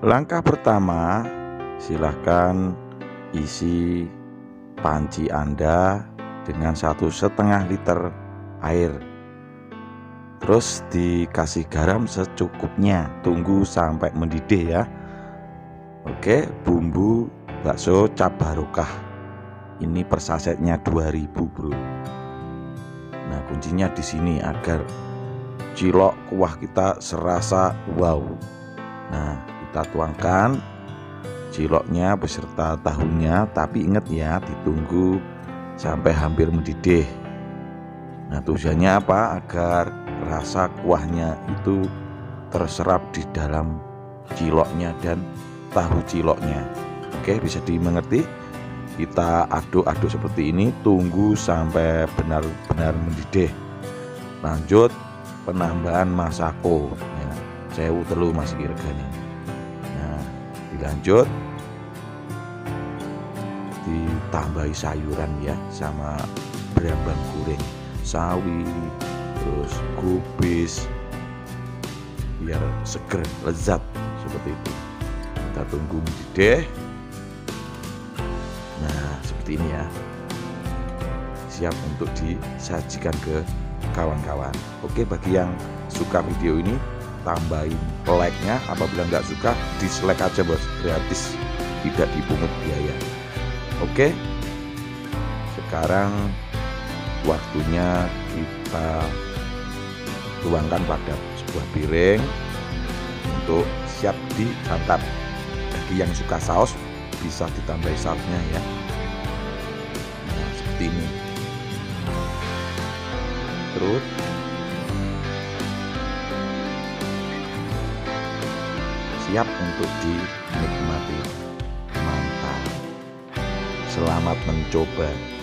Langkah pertama, silahkan isi panci Anda dengan satu setengah liter air. Terus dikasih garam secukupnya, tunggu sampai mendidih ya. Oke, bumbu bakso cap barokah. Ini persasetnya sasetnya 2000, Bro. Nah, kuncinya di sini agar cilok kuah kita serasa wow. Nah, kita tuangkan ciloknya beserta tahunya tapi ingat ya ditunggu sampai hampir mendidih nah tujuannya apa agar rasa kuahnya itu terserap di dalam ciloknya dan tahu ciloknya oke bisa dimengerti kita aduk-aduk seperti ini tunggu sampai benar-benar mendidih lanjut penambahan masako ya, sewu masih mas irgani lebih lanjut ditambahi sayuran ya sama berambang goreng sawi terus kubis biar seger lezat seperti itu kita tunggu mendidih nah seperti ini ya siap untuk disajikan ke kawan-kawan oke bagi yang suka video ini tambahin like-nya apabila nggak suka dislike aja bos gratis tidak dipungut biaya oke sekarang waktunya kita tuangkan pada sebuah piring untuk siap disantap bagi yang suka saus bisa ditambah sausnya ya nah, seperti ini terus siap untuk dinikmati. Mantap. Selamat mencoba.